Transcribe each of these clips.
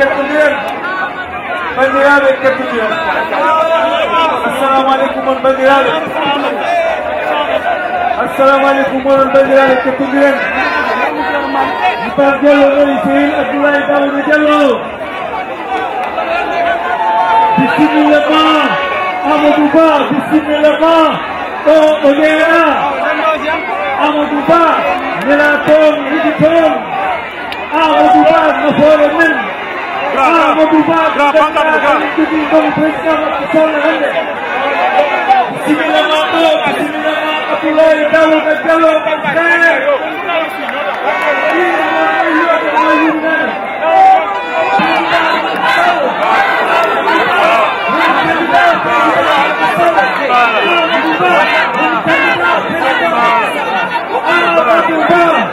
bekletiliyor. Ben de ya bekletiliyor. Esselamu Aleyküm ben de ya Assalamu Aleyküm ben de ya bekletiliyor. Mustafa Yolları Hüseyin Abdullah Bağlı Mecalı. Bismillah. Amadou Ba, Bismillah. O oh, Olea. Amadou Ba, Nelaton, Riditon. Amadou Ba, Naforemin. Bravo, bravo, bravo, bravo, bravo, bravo,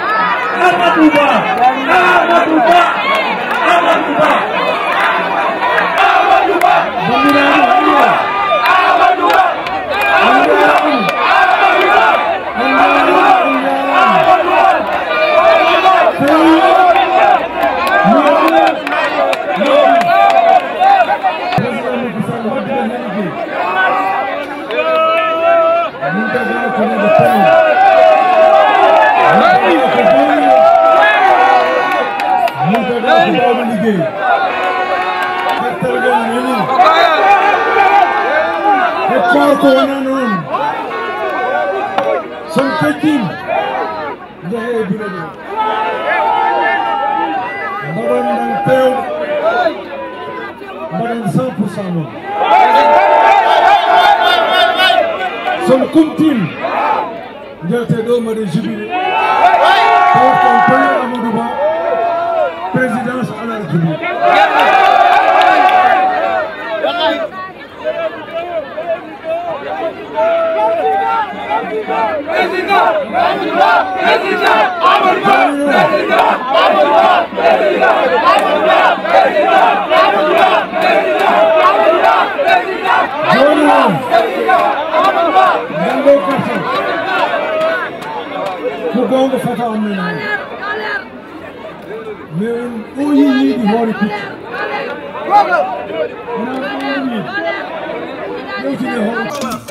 Arma Tuba! Arma Tuba! ko wona noon son teddima jahe e biro ɗo mbaɗon ɗan pewɗe mbaɗon 100 pourcent noon son kumtima njewteɗo mbaɗi jubile ko kon premier amadou ba présidence à la république the Father of men. May all ye need the Holy Spirit. May all ye need the Holy Spirit.